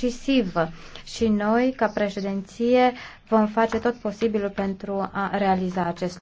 decisivă și noi, ca președinție, vom face tot posibilul pentru a realiza acest